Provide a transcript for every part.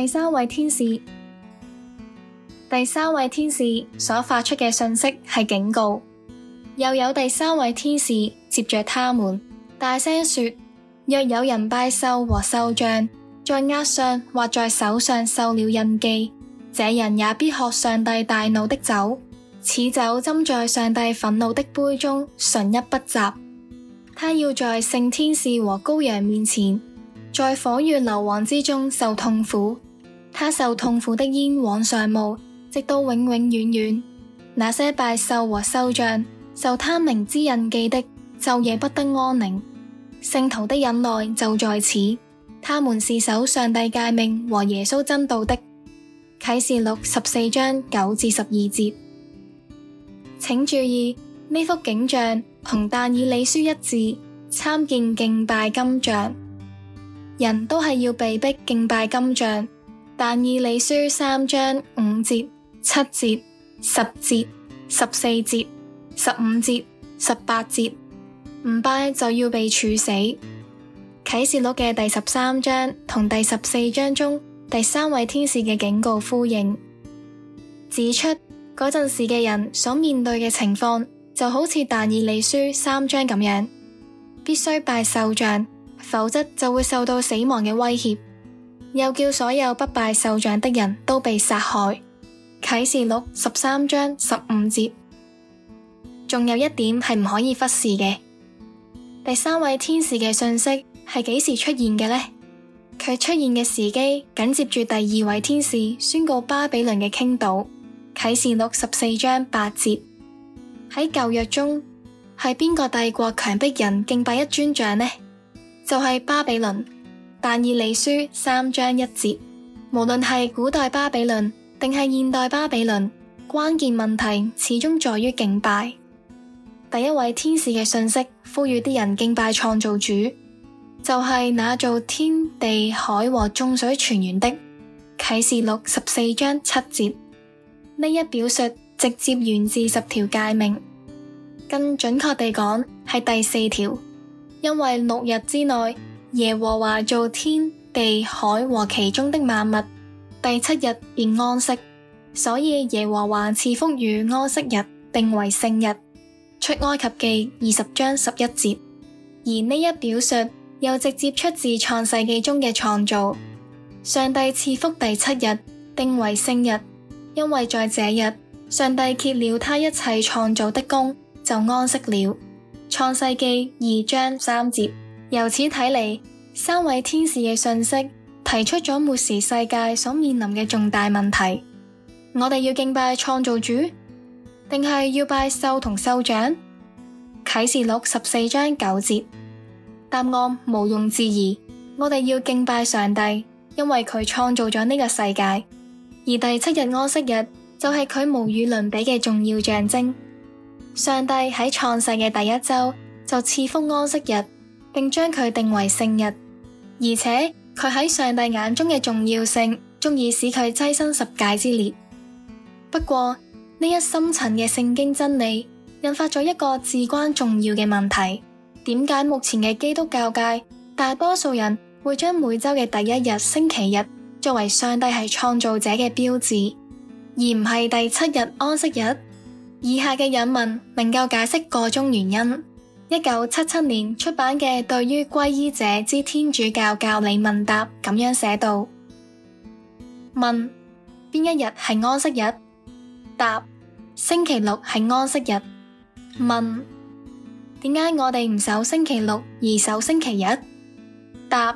第三位天使，第三位天使所發出嘅信息係警告。又有第三位天使接着他們大聲說：若有人拜獸和獸像，在額上或在手上受了印記，這人也必喝上帝大怒的酒，此酒斟在上帝憤怒的杯中，純一不雜。他要在聖天使和羔羊面前，在火與硫磺之中受痛苦。他受痛苦的煙往上冒，直到永永遠遠。那些拜獸和獸像，受他名之印記的，晝夜不得安寧。聖徒的忍耐就在此，他們是守上帝誡命和耶穌真道的。啟示錄十四章九至十二節，請注意呢幅景象同但以理書一致。參見敬拜金像，人都係要被逼敬，敬拜金像。但以理書三章五節、七節、十節、十四節、十五節、十八節，唔拜就要被處死。啟示錄嘅第十三章同第十四章中第三位天使嘅警告呼應，指出嗰陣時嘅人所面對嘅情況就好似但以理書三章咁樣，必須拜獸像，否則就會受到死亡嘅威脅。又叫所有不拜獸像的人都被殺害。啟示錄十三章十五節。仲有一點係唔可以忽視嘅，第三位天使嘅信息係幾時出現嘅咧？佢出現嘅時機緊接住第二位天使宣告巴比倫嘅傾倒。啟示錄十四章八節。喺舊約中係邊個帝國強迫人敬拜一尊像呢？就係、是、巴比倫。但以理書三章一節，無論係古代巴比倫定係現代巴比倫，關鍵問題始終在於敬拜。第一位天使嘅信息呼籲啲人敬拜創造主，就係、是、那造天地海和眾水泉源的，啟示錄十四章七節。呢一表述直接源自十條誡命，更準確地講係第四條，因為六日之內。耶和華造天地海和其中的萬物，第七日便安息，所以耶和華賜福與安息日，定為聖日。出埃及記二十章十一節。而呢一表述又直接出自創世記中嘅創造，上帝賜福第七日，定為聖日，因為在這日上帝揭了他一切創造的工，就安息了。創世記二章三節。由此睇嚟，三位天使嘅信息提出咗末時世界所面臨嘅重大問題。我哋要敬拜創造主，定係要拜獸同獸長？啟示錄十四章九節。答案毋庸置疑，我哋要敬拜上帝，因為佢創造咗呢個世界。而第七日安息日就係佢無與倫比嘅重要象徵。上帝喺創世嘅第一周就賜福安息日。並將佢定為聖日，而且佢喺上帝眼中嘅重要性，足以使佢躋身十誡之列。不過呢一深層嘅聖經真理，引發咗一個至關重要嘅問題：點解目前嘅基督教界，大多數人會將每週嘅第一日星期日作為上帝係創造者嘅標誌，而唔係第七日安息日？以下嘅引文能夠解釋個中原因。一九七七年出版嘅《對於皈依者之天主教教理問答》咁樣寫到：問邊一日係安息日？答星期六係安息日。問點解我哋唔守星期六而守星期日？答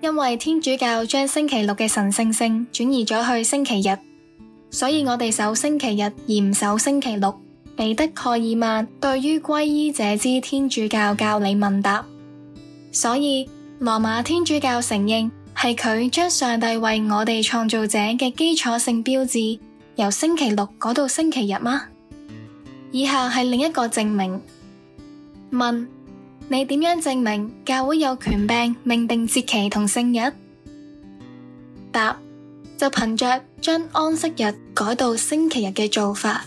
因為天主教將星期六嘅神聖性轉移咗去星期日，所以我哋守星期日而唔守星期六。彼得·蓋爾曼對於皈依者之天主教教理問答，所以羅馬天主教承認係佢將上帝為我哋創造者嘅基礎性標誌由星期六改到星期日嗎？以下係另一個證明。問，你點樣證明教會有權柄命定節期同聖日？答，就憑着將安息日改到星期日嘅做法。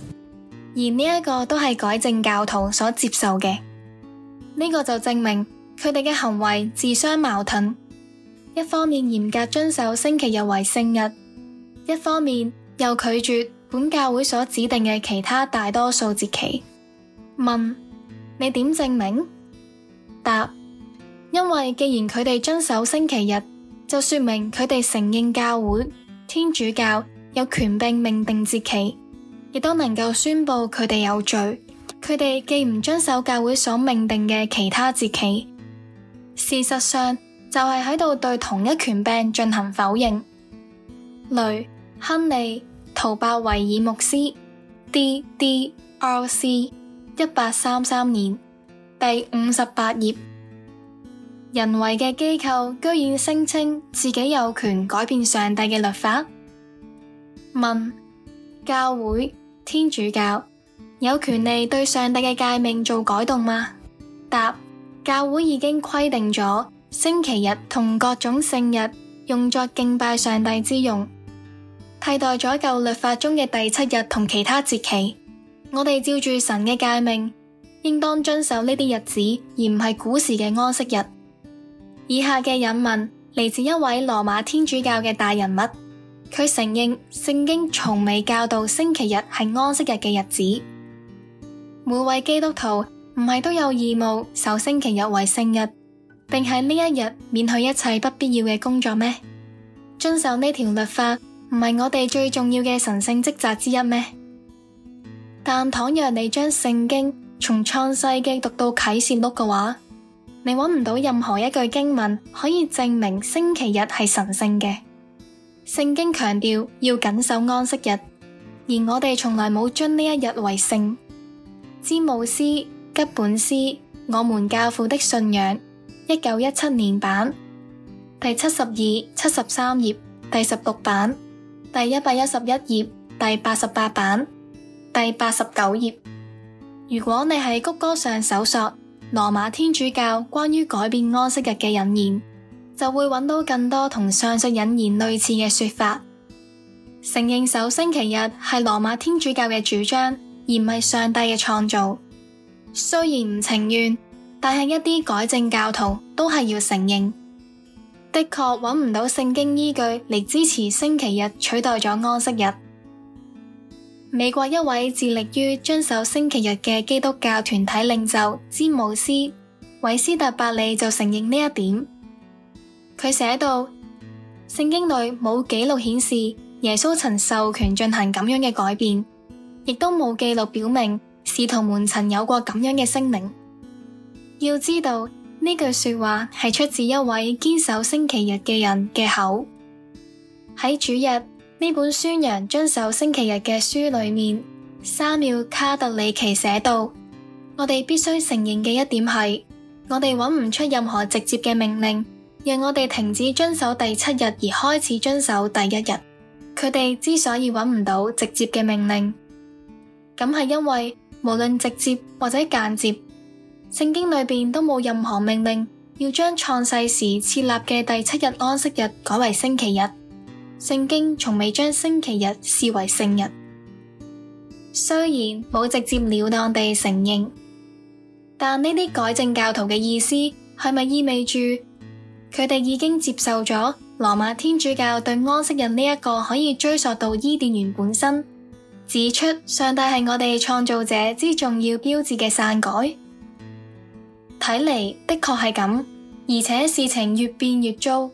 而呢一個都係改正教徒所接受嘅，呢個就證明佢哋嘅行為自相矛盾。一方面嚴格遵守星期日為聖日，一方面又拒絕本教會所指定嘅其他大多數節期。問：你點證明？答：因為既然佢哋遵守星期日，就說明佢哋承認教會天主教有權並命定節期。亦都能夠宣布佢哋有罪，佢哋既唔遵守教會所命定嘅其他節期，事實上就係喺度對同一權柄進行否認。雷亨利圖伯維爾牧師 D.D.R.C. 一八三三年第五十八頁，人為嘅機構居然聲稱自己有權改變上帝嘅律法。問教會、天主教有權利對上帝嘅誡命做改動嗎？答：教會已經規定咗星期日同各種聖日用作敬拜上帝之用，替代咗舊律法中嘅第七日同其他節期。我哋照住神嘅誡命，應當遵守呢啲日子，而唔係古時嘅安息日。以下嘅引文嚟自一位羅馬天主教嘅大人物。佢承認聖經從未教導星期日係安息日嘅日子。每位基督徒唔係都有義務守星期日為聖日，並喺呢一日免去一切不必要嘅工作咩？遵守呢條律法唔係我哋最重要嘅神聖職責之一咩？但倘若你將聖經從創世記讀到啟示錄嘅話，你揾唔到任何一句經文可以證明星期日係神聖嘅。聖經強調要謹守安息日，而我哋從來冇將呢一日為聖。詹姆斯吉本斯《我們教父的信仰》一九一七年版第七十二、七十三頁，第十六版第一百一十一頁，第八十八版第八十九頁。如果你喺谷歌上搜索羅馬天主教關於改變安息日嘅引言。就會揾到更多同上述引言類似嘅說法，承認守星期日係羅馬天主教嘅主張，而唔係上帝嘅創造。雖然唔情願，但係一啲改正教徒都係要承認，的確揾唔到聖經依據嚟支持星期日取代咗安息日。美國一位致力於遵守星期日嘅基督教團體領袖詹姆斯·韋斯特伯里就承認呢一點。佢寫道，聖經裏冇記錄顯示耶穌曾授權進行咁樣嘅改變，亦都冇記錄表明使徒們曾有過咁樣嘅聲明。要知道呢句說話係出自一位堅守星期日嘅人嘅口。喺主日呢本宣揚遵守星期日嘅書裏面，沙繆卡特里奇寫道：我哋必須承認嘅一點係，我哋揾唔出任何直接嘅命令。讓我哋停止遵守第七日，而開始遵守第一日。佢哋之所以揾唔到直接嘅命令，咁係因為無論直接或者間接，聖經裏邊都冇任何命令要將創世時設立嘅第七日安息日改為星期日。聖經從未將星期日視為聖日，雖然冇直接了當地承認，但呢啲改正教徒嘅意思係咪意味住？佢哋已經接受咗羅馬天主教對安息日呢一個可以追溯到伊甸園本身，指出上帝係我哋創造者之重要標誌嘅篡改。睇嚟的確係咁，而且事情越變越糟。